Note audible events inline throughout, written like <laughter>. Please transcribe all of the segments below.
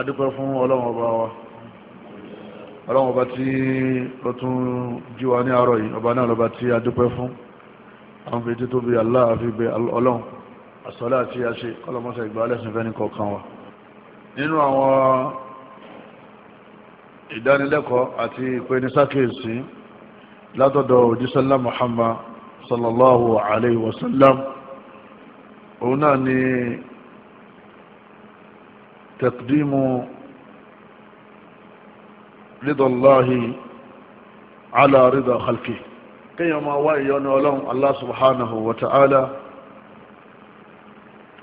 adúpẹ́ fún ọlọ́run ọba wa ọlọ́run ọba tí ó tún jí wa ní àárọ̀ yìí ọba náà lọ́ba tí adúpẹ́ fún àwọn fi tító bí aláàfin bẹ ọlọ́run àsọlá àti àṣe kọlọmọsẹ ìgbà alẹ́sìn fẹ́ ní kọ̀ọ̀kan wa nínú àwọn ìdánilẹ́kọ̀ọ́ àti ìpenisákèésí látọ̀dọ̀ òjísọ́lá Muhammad sallallahu alayhi wa sallam òun náà ni تقديم رضا الله على رضا خلقه كيما وايون ولون الله سبحانه وتعالى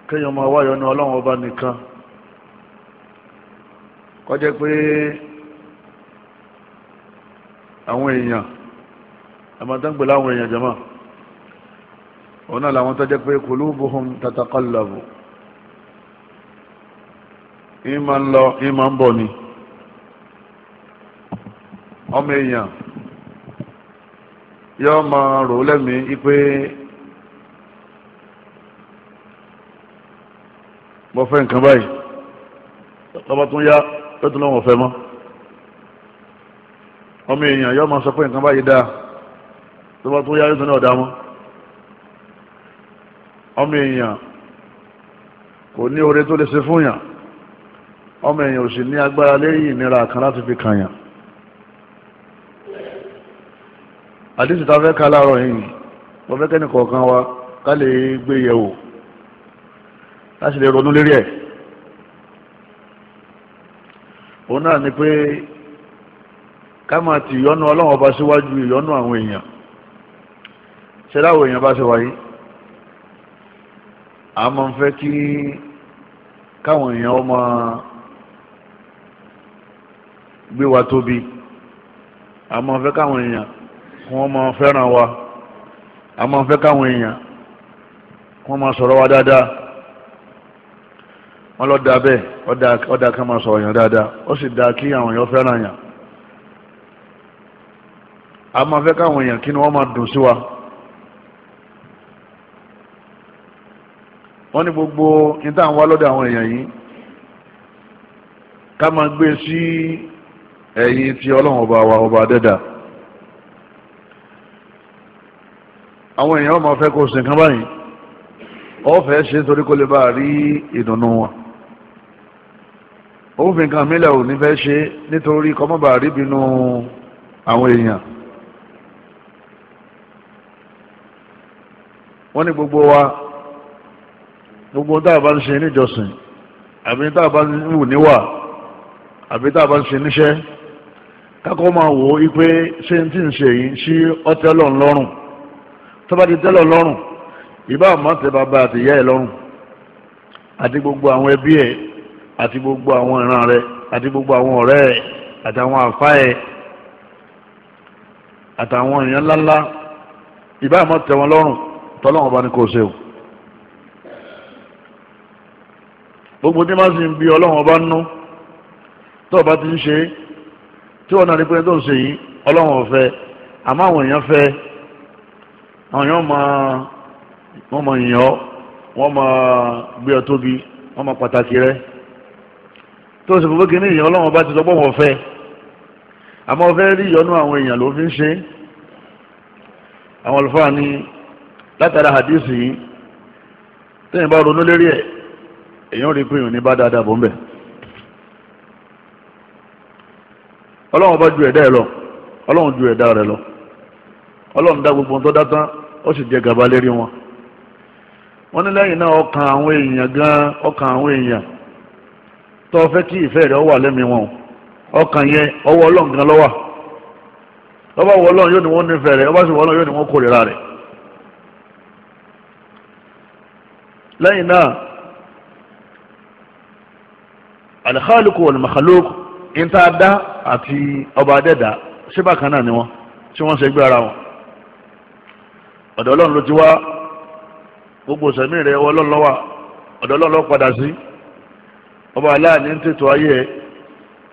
كيما وايون ولون وبانكا kọjá pé àwọn èèyàn àmọ́tánpẹ̀lá àwọn èèyàn jama ọ̀nà làwọn tó jẹ́ pé kulubuhum tataqallabu ìmọ̀ ń lọ ìmọ̀ ń bọ̀ ni ọmọ èèyàn yọ máa rò lẹ́mìí ipe mo fẹ́ nǹkan báyìí lọ́ba tún yá yóò tún lọ́wọ́ fẹ́ mọ́ ọmọ èèyàn yọ máa sọ pé nǹkan báyìí dáa lọ́ba tún yá yóò lọ́wọ́ dáa mọ́ ọmọ èèyàn kò ní oore tó lè ṣe fún yàn ọmọ èèyàn ò sì ní agbára lẹ́yìn ìnira kan láti fi kàyàn àdìsí ta fẹ́ ká láàárọ̀ yìí wọ́n fẹ́ kẹ́ni kọ̀ọ̀kan wa ká lè gbé yẹ̀wò láti lè ronú lérí ẹ̀ òun náà ni pé ká máa ti ìyọ́nú ọlọ́run ọba síwájú ìyọ́nú àwọn èèyàn ṣe láwọn èèyàn bá ṣe wáyé a ń fẹ́ kí káwọn èèyàn ó máa gbé wa tóbi a máa fẹ́ káwọn èèyàn kí wọ́n máa fẹ́ràn wa a máa fẹ́ káwọn èèyàn kí wọ́n máa sọ̀rọ̀ wa dáadáa wọ́n lọ da bẹ́ẹ̀ ọ̀dà kan máa sọ̀rọ̀ yàn dáadáa ó sì da kí àwọn èèyàn fẹ́ràn yàn a máa fẹ́ káwọn èèyàn kí ni wọ́n máa dùn sí wa. wọ́n ní gbogbo níta ń wá lọ́dọ̀ àwọn èèyàn yìí ká máa gbé e sí. Si ẹ̀yin tí ọlọ́run ọba wa ọba dẹ́dà àwọn èèyàn ọmọ fẹ́ kó sin kan báyìí ọ̀fẹ́ ṣe nítorí kó lè bá rí ìdùnnú wọn òfin kan mílẹ̀ ò ní fẹ́ ṣe nítorí kọ́mọ́bà rí bínú àwọn èèyàn wọ́n ní gbogbo wa gbogbo tá a bá ń ṣe níjọsìn àbí tá a bá ń wù níwà àbí tá a bá ń ṣe níṣẹ́ kakọ máa wò ó ipe ṣé n tí ń ṣe yìí ṣí ọtẹlọ ńlọrùn tọba ti tẹlọ ńlọrùn ìbá àmọtẹ bàbá àti ìyá ẹ lọ́rùn àti gbogbo àwọn ẹbí ẹ àti gbogbo àwọn ìran rẹ àti gbogbo àwọn ọ̀rẹ́ ẹ àtàwọn àfa ẹ àtàwọn èèyàn ńláńlá ìbá àmọtẹ wọn lọ́rùn tọlọ́run bá ní kò ṣe o gbogbo tí wọn sì ń bi Ọlọ́run ọba ń nú tọba ti ń ṣe é tí wọn náà ní pé tó ń ṣe yìí ọlọ́run ọ̀fẹ́ àmọ́ àwọn èèyàn fẹ́ àwọn èèyàn máa wọ́n máa yàn ọ́ wọ́n máa gbé ọ tóbi wọ́n máa pàtàkì rẹ tó ṣe fòfin kìíní ìyẹn ọlọ́run ọba ti sọ pé fẹ́ àmọ́ ọ̀fẹ́ rí ìyọnú àwọn èèyàn ló fi ń ṣe àwọn àlùfáà ní látara hadisi yìí tẹ́yìn bá ronú lérí ẹ̀ èèyàn rí pé ìyọ̀n ní bá dáadáa bò ọlọ́run bá ju ẹ̀dá ẹ lọ ọlọ́run ju ẹ̀dá rẹ lọ ọlọ́run dá gbogbo tó dá tán ó sì jẹ gàba lérí wọn wọn ní lẹ́yìn náà ọkàn àwọn èèyàn gan ọkàn àwọn èèyàn tó fẹ́ kí ìfẹ́ rẹ wà lẹ́mìí wọn ọkàn yẹn ọwọ́ ọlọ́run gan wọ ọlọ́run yóò ní wọ́n nífẹ̀ẹ́ rẹ ọba sì yóò ní wọ́n kórìíra rẹ lẹ́yìn àti ọba adẹ́dá ṣé bákan náà ni tí wọ́n ṣe gbé ara wọn ọ̀dọ̀ ọlọ́run ló ti wá gbogbo sẹ̀mí rẹ̀ ọwọ́ ọlọ́run padà sí ọba aláàní ń tètò ayé ẹ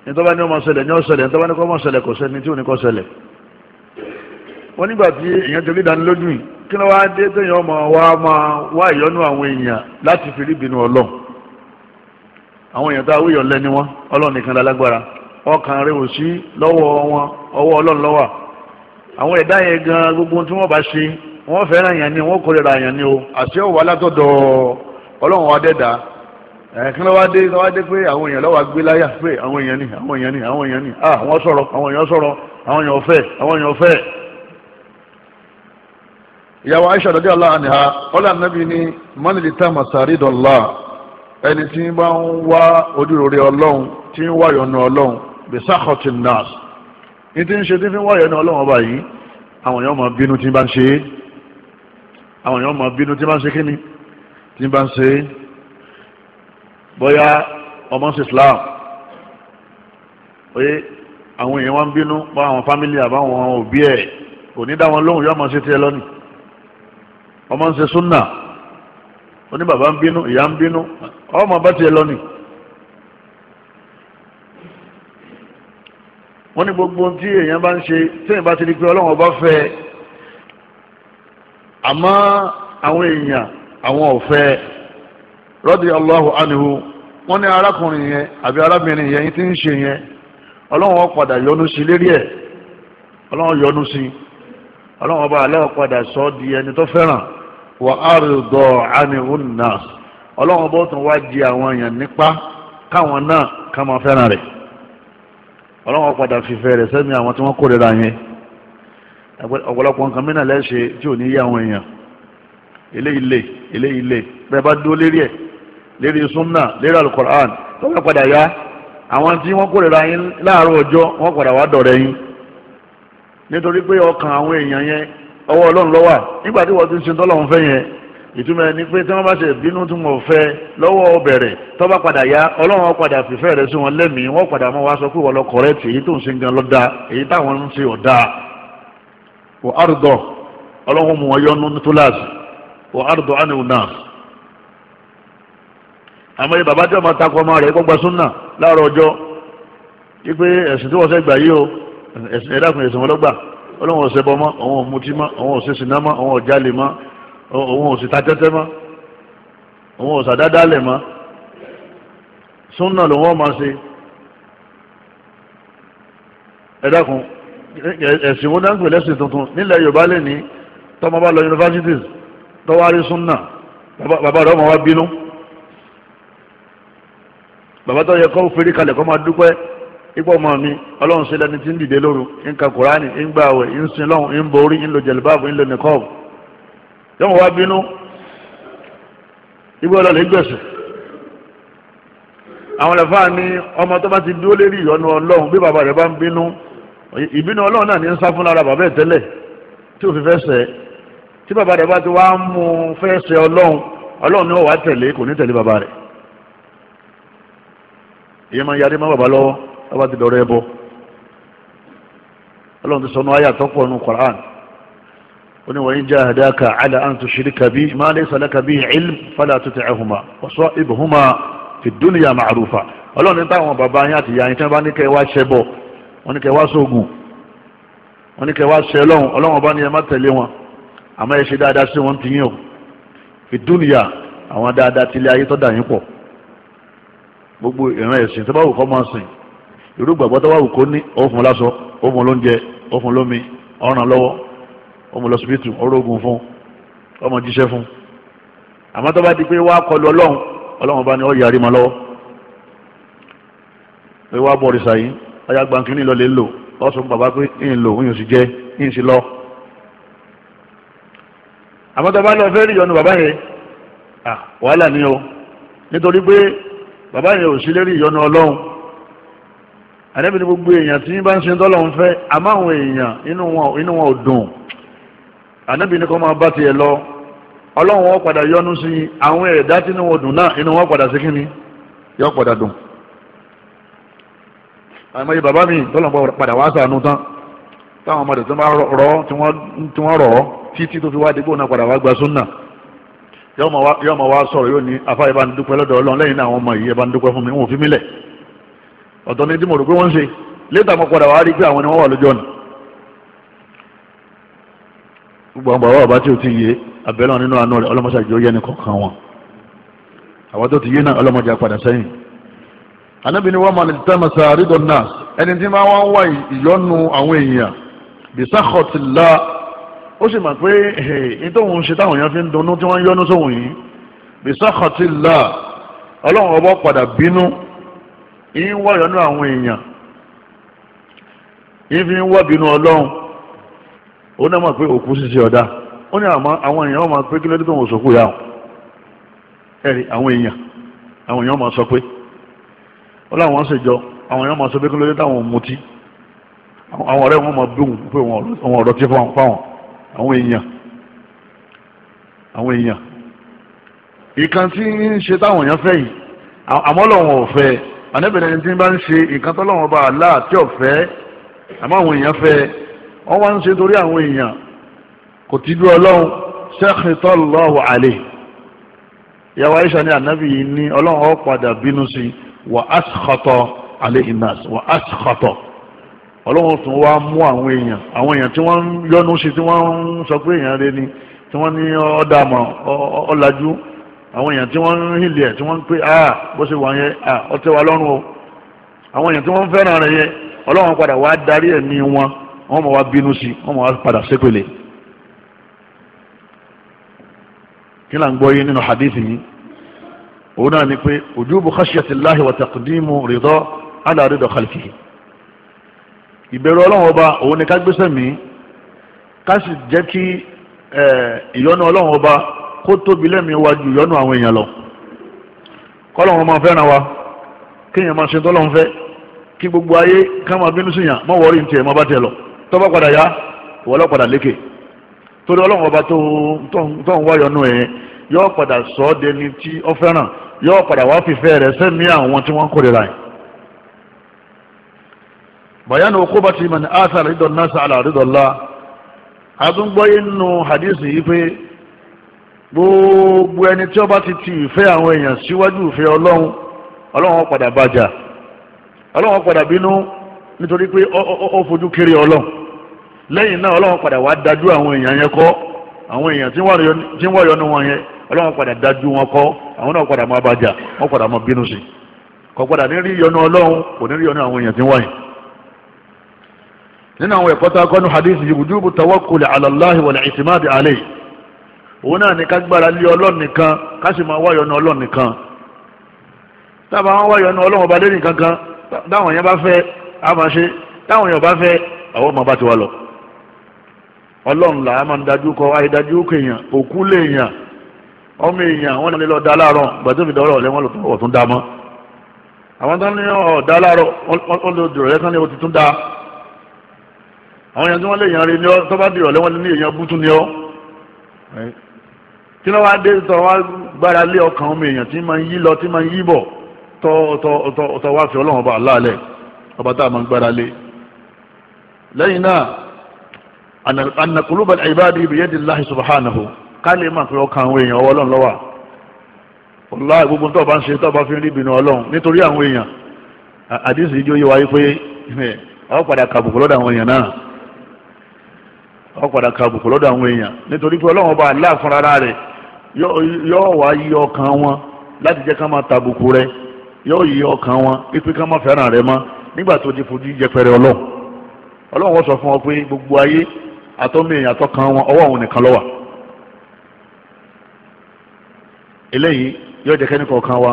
ní tọ́ba ní ọmọ ṣẹlẹ̀ ní ọ̀ṣẹlẹ̀ ní tọ́ba ní kọ́mọ ṣẹlẹ̀ kò sẹ́ni tí ò ọmọ wa máa wá àwọn èèyàn láti fi rí ọlọ́run àwọn èèyàn lẹ́ni wọn ọlọ́run nìkan lálágbára ọkàn rẹ ò sí lọ́wọ́ wọn ọwọ́ ọlọ́run àwọn ẹ̀dá yẹn gan gbogbo tí wọ́n bá ṣe wọ́n ni wọ́n yẹn ni o àṣẹ òwò alátọ̀dọ̀ ọlọ́run wa dẹ́dà ẹ̀kí ló wá dé pé àwọn èèyàn ló wá gbé láyà pé àwọn èèyàn ni àwọn èèyàn ni àwọn èèyàn ni ah wọ́n sọ̀rọ̀ àwọn èèyàn sọ̀rọ̀ ni mọ́nìlì tá ẹni tí bá ń wá ọlọ́run tí bisakhati nas ní ti ń ṣe tí fi ń wáyọ̀ ní ọlọ́run ọba yìí àwọn èèyàn máa bínú tí bá ń ṣe é àwọn èèyàn máa bínú tí bá ń ṣe kíni tí bá ń ṣe é bóyá ọmọ sí islam pé àwọn èèyàn wá ń bínú bá àwọn fámìlì àbáwọn òbí ẹ̀ kò ní dá lóhùn yóò máa ṣe tiẹ̀ lọ́nìí ọmọ ń ṣe súnà oní ń bínú ìyá ń bínú ọmọ bá tiẹ̀ lọ́nìí. wọ́n ní gbogbo tí èèyàn bá ń ṣe téèyàn bá ti di pé ọlọ́run ọba fẹ́ àmọ́ àwọn èèyàn àwọn ọ̀fẹ́ radiyallahu anhu wọ́n ní arákùnrin yẹn àbí arábìnrin yẹn tí ń ṣe yẹn ọlọ́run ọ̀padà yọ́nú sí lérí ẹ̀ ọlọ́run yọ́nú sí ọlọ́run ọba alẹ́ ọ̀padà sọ di ẹni tó fẹ́ràn wà á rí dọ̀ ànihùn náà ọlọ́run ọba ó tún wá di àwọn èèyàn nípa káwọn náà ká máa fẹ́ràn rẹ̀ ọlọ́wọ́n padà fìfẹ́ rẹ̀ sẹ́mi àwọn tí wọ́n kórira yẹn ọ̀pọ̀lọpọ̀ nǹkan mìíràn lẹ́sẹ̀ tí ò ní yé àwọn èèyàn eléyìí lè eléyìí lè bẹ́ẹ̀ bá dúró lérí ẹ̀ lérí súnà lérí alukoran tọ́wọ́ padà yá àwọn tí wọ́n kórira yín láàárọ̀ ọjọ́ wọ́n padà wá dọ̀rẹ́ yín nítorí pé ọkàn àwọn èèyàn yẹn ọwọ́ ọlọ́run ló wà nígbà tí wọ́n ti ń ṣe tọ́lọ́run fẹ́ yẹn ìtumọ̀ ẹni pé tí wọ́n bá ṣe bínú tí wọ́n fẹ́ lọ́wọ́ ọbẹ̀rẹ̀ tó bá padà yá ọlọ́run padà fìfẹ́ rẹ̀ sí wọn lẹ́mìí wọ́n padà mọ́ wá sọ pé wọ́n lọ kọ̀rẹ́tì èyí tó ń ṣe gan lọ́dà èyí táwọn ń ṣe ọ̀dà wọ́n àrùdọ̀ ọlọ́run mú wọn yọnu túláàsì wọ́n àrùdọ̀ ánìwò náà. àmọ́ yẹ bàbá tí wọ́n máa takọ ọmọ rẹ̀ kó súnà láàárọ̀ ọjọ́ wípé ẹ̀sìn tí òun ò sì ta tẹ́tẹ́ mọ́ òun ò sàdádá lẹ̀ mọ́ súnà ló wọ́n máa ṣe ẹ dákun ẹ̀sìn wọn dáńgbè lẹ́sìn tuntun nílẹ̀ yorùbá lè ní tọ́mọ bá lọ universities tọ́wárí súnà bàbá rẹ̀ ọmọ wa bínú bàbá tó yẹ kó fèrè kalẹ̀ kó máa dúpẹ́ ipò ọmọ mi ọlọ́run ṣe lẹni tí ń dìde lóru ń ka kùránì ń gbààwẹ̀ ń sin lọ́hùn ń borí ń lo jẹ̀lúbáàbù ń lo nìkọ́ọ̀bù yọmọ wa bínú ibi ọlọlẹ gbẹsùn àwọn ẹlẹfà ni ọmọ tó bá ti dúró lérí ìyọnu Ọlọ́run bí bàbá rẹ bá ń bínú ìbínú Ọlọ́run náà ní ń sá fún lára bàbá ẹ tẹ́lẹ̀ tí òfin fẹ́ ṣẹ̀ tí bàbá rẹ bá ti wá ń mú un fẹ́ ṣẹ̀ Ọlọ́run Ọlọ́run ni wọn wà tẹ̀lé kò ní tẹ̀lé bàbá rẹ ìyẹn máa yarí má bàbá lọ́wọ́ Ọlọ́run ti ó ní wọ́n jahadaka ala an tushrika bi ma laysa laka bihi ilm fala tuti'huma wa sahibhuma fi dunya ma'rufa ọlọ́run ní táwọn bàbá yín àti ìyá yín tí wọ́n bá ní kẹ́ wá ṣẹbọ wọ́n ní kẹ́ wá sóògùn wọ́n ní kẹ́ wá ṣẹ ọlọ́run ọlọ́run bá ní ẹ má tẹ̀lé wọn àmọ́ ẹ ṣe dáadáa sí wọn ti yín o fi dunya àwọn dáadáa tilé ayé tó dà yín pọ̀ gbogbo ìran ẹ̀sìn tó bá wù kọ́ máa sìn irú gbàgbọ́ tó bá wù kó ní òfun lásọ òfun lóúnjẹ òfun lómi ọ̀ràn lọ́wọ́ ọmọ lọ́sibítù orógùn fún ọmọ jíṣẹ́ fún àmọ́ tó bá di pé wá kọlu ọlọ́run ọlọ́run bá ní ọ yàrá ìmọ̀ lọ́wọ́ pé wá bọ̀ ọ̀rìṣà yìí ọjà gbàǹkì ní ìlọlẹ̀ ńlò ọ̀sùn bàbá pé ń lò ń sì jẹ́ ń sì lọ. àmọ́ tó bá lọ fẹ́ rí ìyọnu bàbá yẹn wàhálà ni o nítorí pé bàbá yẹn ò sí lérí ìyọnu ọlọ́run àdébìnrin gbogbo èèyàn tí bá ń ṣe tọ́lọ́run fẹ́ àmọ́ àwọn èèyàn inú wọn ò dùn ànábì ní kó máa bá tiẹ̀ lọ ọlọ́run wọn padà yọ́nú sí àwọn ẹ̀dá tínú wọn dùn náà inú wọn padà sí yọ padà dùn àmọye bàbá mi tọ́lọ̀ padà wá sànú tán táwọn ọmọdé tó rọ tí wọ́n rọ̀ ọ́ títí tó fi wá dégbò náà padà wa sọ̀rọ̀ yóò ní bá ń dúpẹ́ lọ́dọ̀ ọlọ́run lẹ́yìn náà mi wọn ò fi mí lẹ̀ ni wọ́n ń gbogbo àwọn bàbá bàbá tí o ti yé abẹ́lẹ́ nínú àánú rẹ̀ ọlọ́mọṣà jọ yẹn nìkan kan wọn àwọn tó ti yé náà ọlọ́mọjà padà sẹ́yìn. anábìíní wọn máa lè tẹ́ masa àrídọ̀ náà ẹni tí máa wọ́n wá ìyọnu àwọn èèyàn bisakọtìlá ó sì mọ̀ pé ìtòhun ṣe táwọn èèyàn fi ń dunnú tí wọ́n ń yọnu sóhun yìí bisakọtìlá ọlọ́run ọba padà bínú ìyín wá ìyọnu àwọn èèyàn ìyín fi ń wá bínú ọlọ́run ó náà mọ̀ pé òkú ṣíṣe ọ̀dà ó ní àwọn èèyàn máa pé kí ló dé tó wọn sòkú yà ó ẹ̀rí àwọn èèyàn àwọn èèyàn máa sọ pé ó láwọn ṣèjọ àwọn èèyàn máa sọ pé kí ló dé táwọn mutí àwọn ọ̀rẹ́ wọn máa bíwùn pé wọn ọ̀rọ̀ tí fáwọn àwọn èèyàn àwọn èèyàn ìkan tí ń ṣe táwọn èèyàn fẹ́ yìí àmọ́ lọ́wọ́n ọ̀fẹ́ àníbẹ̀rẹ̀ ẹni tí ń bá ń ṣe ìkan tó lọ́wọ́n bá a ọ̀fẹ́ àmọ́ àwọn èèyàn fẹ́ wọ́n wá ń ṣe torí àwọn èèyàn kò ti dúró ọlọ́run sẹ́kìtọ́ lọ́hùn àlè ìyàwó Aisha ní ànábì yìí ní ọlọ́run ó padà bínú sí wà á sọ̀tọ̀ àlè inas wà á sọ̀tọ̀ ọlọ́run tún wá mú àwọn èèyàn àwọn èèyàn tí wọ́n ń yọnu sí tí wọ́n ń sọ pé èèyàn rẹ ni tí wọ́n ní ọ̀dàmọ̀ ọ̀làjú àwọn èèyàn tí wọ́n ń hìlẹ̀ tí wọ́n ń pè á bó ṣe wà yẹn ọtẹ wa lọ́rùn o àwọn èèyàn tí wọ́n ń fẹ́ràn rẹ̀ yẹn ọlọ́run padà wá darí ẹ̀mí wọn wọ́n mọ̀ wá bínú sí wọ́n mọ̀ wá padà sépèlè kí là ń gbọ́ yé nínú hadithi yìí òun náà ni pé ojúbù khashiyatillahi wa taqdimu ridọ ala ridọ khalqihi ìbẹ̀rù ọlọ́run ọba òun ni ká gbéṣẹ́ mi ká sì jẹ́ kí ìyọ́nú ọlọ́run ọba kó tóbi lẹ́mìí wájú ìyọ́nú àwọn èèyàn lọ kọ́lọ́run máa fẹ́ràn wa kéèyàn máa ṣe tọ́lọ́run fẹ́ kí gbogbo ayé ká máa bínú síyàn má wọrí ní tiẹ̀ má bá tiẹ̀ lọ tọ́ba padà yá ìwọ lọ padà lékè torí ọlọ́run ọba tó tó ń wáyọ̀ nù ẹ̀ yọ padà sọ ọ́ dẹni tí ọ fẹ́ràn yọ padà wá fìfẹ́ rẹ̀ sẹ́mi àwọn tí wọ́n kórìíra yìí. bayanu okobati man asa ridọ nasa ala ridọ la adúgbòye nù hadith yìí pé gbogbo ẹni tí ọba ti ti ìfẹ́ àwọn èèyàn síwájú ìfẹ́ ọlọ́run ọlọ́run padà bàjá ọlọ́run padà bínú nítorí pé ó fojú kiri ọlọ́run lẹ́yìn náà ọlọ́run padà wá dájú àwọn èèyàn yẹn kọ́ àwọn èèyàn tí wọ́n yọnu wọn yẹn ọlọ́run padà dájú wọn kọ́ àwọn náà padà máa bàjá wọ́n padà máa bínú sí kò padà ní yọnu ọlọ́run kò ní yọnu àwọn èèyàn tí wọ́n yẹn. nínú àwọn ẹ̀kọ́ tá a kọ́ hadith yìí wujubu tawakkul ala Allahi wal i'timad alayhi òun náà ní ká gbára lé ọlọ́run nìkan ká sì máa wá yọnu ọlọ́run nìkan tábà wọn wá yọnu ọlọ́run ọba lẹ́yìn ọlọ́run làá á máa ń dájú kọ àìdájú kò èèyàn òkú lè èèyàn ọmọ èèyàn wọn ní lọ da láàárọ̀ gbàtó fi dọ́rọ̀ wọn lọ ọ̀tún da àwọn tó ní ọ̀dá wọn lọ da àwọn èèyàn tí lè yàn rí ni tó bá ni kí wá gbára lé ọkàn ọmọ èèyàn tí máa lọ tí máa ń yí bọ̀ tọ́ wá fi ọlọ́run ọba anna qulubal ibadi biyadillahi subhanahu ká lè máa fi ọkàn àwọn èèyàn ọwọ́ ọlọ́run lọ́wọ́ gbogbo tó o bá ń ṣe tó bá fi ń rí ìbínú ọlọ́run nítorí àwọn èèyàn àdìsí wa pé ọ padà kàbùkù lọ́dọ̀ àwọn èèyàn náà ọ padà kàbùkù lọ́dọ̀ àwọn èèyàn nítorí pé ọlọ́run ọba fúnra yóò wá yí ọkàn wọn láti jẹ́ ká máa tàbùkù yóò yí ọkàn wọn pípé ká máa fẹ́ràn mọ́ nígbà tó ti fojú jẹpẹrẹ ọlọ́run ọlọ́run wọ́n sọ àtọ́mí èèyàn àtọ́kan wọn ọwọ́ àwọn nìkan lọ́wà eléyìí yóò jẹ́ kẹ́ni kọ̀ọ̀kan wa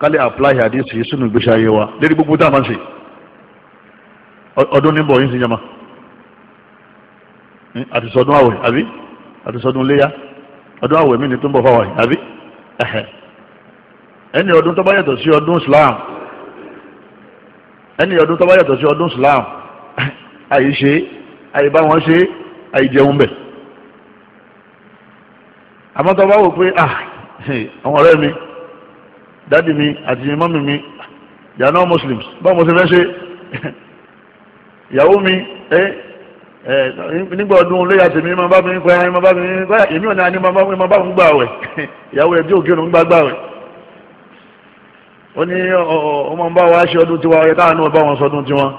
ká lè apply hadith yìí sínú ìgbésí ayé wa lérí gbogbo tá a máa ń ṣe ọdún níbọ̀ yìí ń sinjama àti sọdún àwẹ̀ àbí àti sọdún léyà ọdún àwẹ̀ mi ni tó ń bọ̀ fáwọn yìí àbí ẹni ọdún tó bá yàtọ̀ sí ọdún Islam ẹni ọdún tó bá yàtọ̀ sí ọdún Islam àyè ṣe àyè bá wọn ṣe àìjẹun bẹ̀ àmọ́ tó bá wò pé ah àwọn ọ̀rẹ́ mi dáàdi mi àti mọ́mì mi they are not muslims báwo mo ṣe fẹ́ ṣe <laughs> ìyàwó mi ẹ ẹ nígbà ọdún lóyà tèmi máa bá mi pẹ́ ẹ máa bá mi pẹ́ èmi ò ní àní máa bá mi máa bá mi gbà wẹ̀ <laughs> ìyàwó rẹ̀ bí òkè òun gbà gbà wẹ̀ ó ní ọmọ ń bá wa ṣe ọdún tiwa ọ̀yẹ́ táwọn náà bá wọn sọdún tiwọn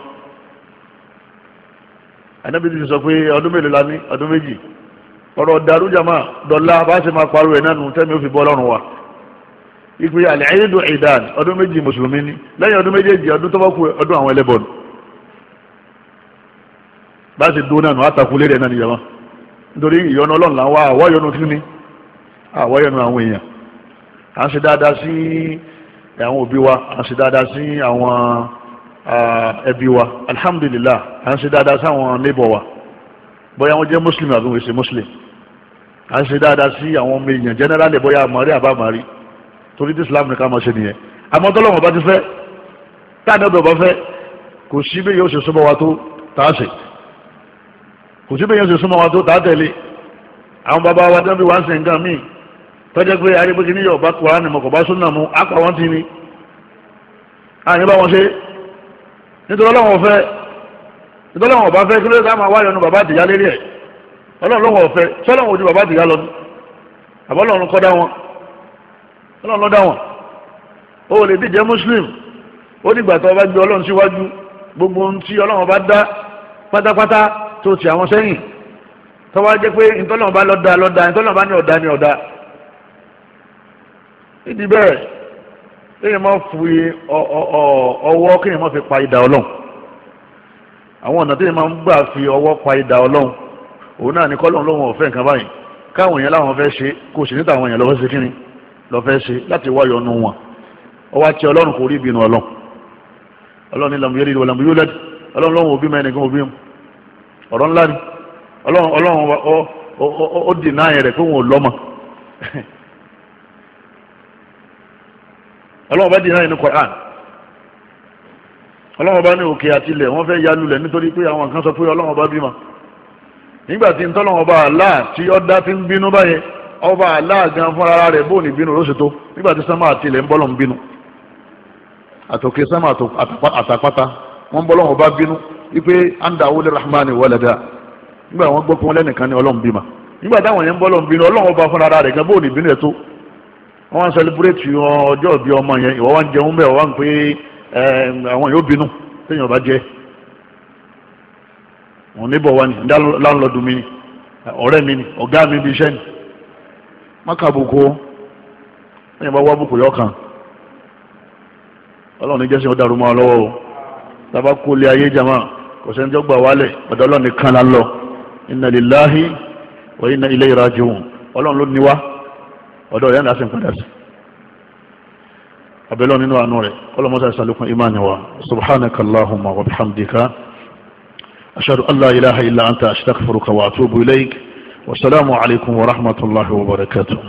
ànábì ti sọ pé ọdún mélòó la ní ọdún méjì ọ̀rọ̀ darújàmá dọ̀la bá ṣe máa pariwo ẹ̀ náà nù tẹ́mi ó fi bọ́ lọ́rùn wa ìpè àlẹ́ ẹ̀yẹ́dùn ìdán ọdún méjì mùsùlùmí ni lẹ́yìn ọdún méjèèjì ọdún tó bá kú ọdún àwọn ẹlẹ́bọ̀nù bá ṣe dúró náà nù àtàkùn lédè náà nìyẹn wọn nítorí ìyọnu ọlọ́run là ń wá àwọ̀ yọnu kí ni àwọ̀ yọnu àwọn èèyàn à ń ṣe dáadáa sí àwọn òbí wa à ń ṣe dáadáa sí àwọn Ah, ẹbí wa alhamdulilah à ń ṣe dáadáa sáwọn neighbor wa bóyá wọ́n jẹ́ muslim àbí wọ́n ṣe muslim à ń ṣe dáadáa sí àwọn ọmọ èèyàn generally bóyá àmọ́rí àbámọ́rí torí tí islam nìkan máa ṣe nìyẹn àmọ́ tọ́lọ́wọ́n bá ti fẹ́ táàní ọ̀dọ̀ bá fẹ́ kò sí bí yóò ṣe súnmọ́ wa tó tàá ṣe kò sí bí yóò ṣe súnmọ́ wa tó tàá tẹ̀lé àwọn bàbá wa dábì wá ń ṣe nǹkan míì tọ́jẹ́ pé arígbégi níyọ̀ bá kúránì mọ̀kọ̀ bá súnà nítorí ọlọ́run ọ̀fẹ́ nítorí ọlọ́run ọba fẹ́ kí ló dé ká máa wáyọ̀ nu bàbá àtìyá lérí ẹ̀ ọlọ́run ọ̀fẹ́ tí ọlọ́run ò ju bàbá àtìyá lọ ní àbọ̀lọ́run kọ́ dá wọn ọlọ́run ló dá wọn ó lè díje muslim ó nígbà tó bá gbé ọlọ́run síwájú gbogbo ohun tí ọlọ́run bá dá pátápátá tó ti àwọn sẹ́yìn tó wá jẹ́ pé ìtọ́lọ́run bá lọ́dà lọ́dà ìtọ́lọ́run bá ní ọ̀dà ní ọ̀dà nídìí kéèyàn máa fuyi ọwọ́ kéèyàn máa fi pa idà ọlọ́run àwọn ọ̀nà téèyàn máa ń gbà fi ọwọ́ pa ọlọ́run òun náà ní kọ́lọ́run lóhun ọ̀fẹ́ nǹkan báyìí káwọn èèyàn láwọn fẹ́ ṣe èèyàn lọ́fẹ́ ṣe lọ́fẹ́ láti wá yọnu wọn ọwọ́ àti ibi inú ọlọ́run ọlọ́run ní <laughs> ọlọ́run bá dìnnà inú Quran ọlọ́run bá ní òkè àti ilẹ̀ wọ́n fẹ́ yálulẹ̀ nítorí pé àwọn kan sọ pé ọlọ́run bá bímọ nígbà tí ntọ́lọ́run bá Allah tí ọ̀dá ti ń bínú báyẹn ọba Allah gan fúnra rẹ̀ bóun ìbínú ló ṣe tó nígbà tí sánmà àti ilẹ̀ ń bọ́lọ̀ ń bínú àtòkè sánmà àtàpátá wọ́n bọ́lọ̀ wọn bá bínú wípé anda awolé rahman walada nígbà wọn gbọ́ pé wọn lẹ́nìkan wọ́n sẹlẹbúrẹ́tì ọjọ́ ìbí ọmọ yẹn ìwọ wọn jẹun bẹ́ẹ̀ wọ́n pé àwọn yóò bínú téèyàn bá jẹ́ wọn níbọ̀ wá ní láńlọ́dù mi ni ọ̀rẹ́ mi ni ọ̀gá mi bí iṣẹ́ ni mákàbùkù ẹ̀yìn bá wá bùkù yọkàn ọlọ́run ní jẹ́sìn ọ̀dàrú mọ́ ọ lọ́wọ́ o tàbá kó lé ayé jama kò sẹ́ni gbà wálẹ̀ ọ̀dọ̀ ọlọ́run nìkan la ń lọ ọ̀dọ̀ ìyá ńlá sì ń padà sí abẹ́lẹ́ nínú àánú rẹ̀ ọlọ́mọṣẹ́ ìsàlùkùn imáni wa subhanaka allahumma wa bihamdika ashhadu an la ilaha illa anta astaghfiruka wa atubu ilayk wa alaykum wa rahmatullahi wa barakatuh.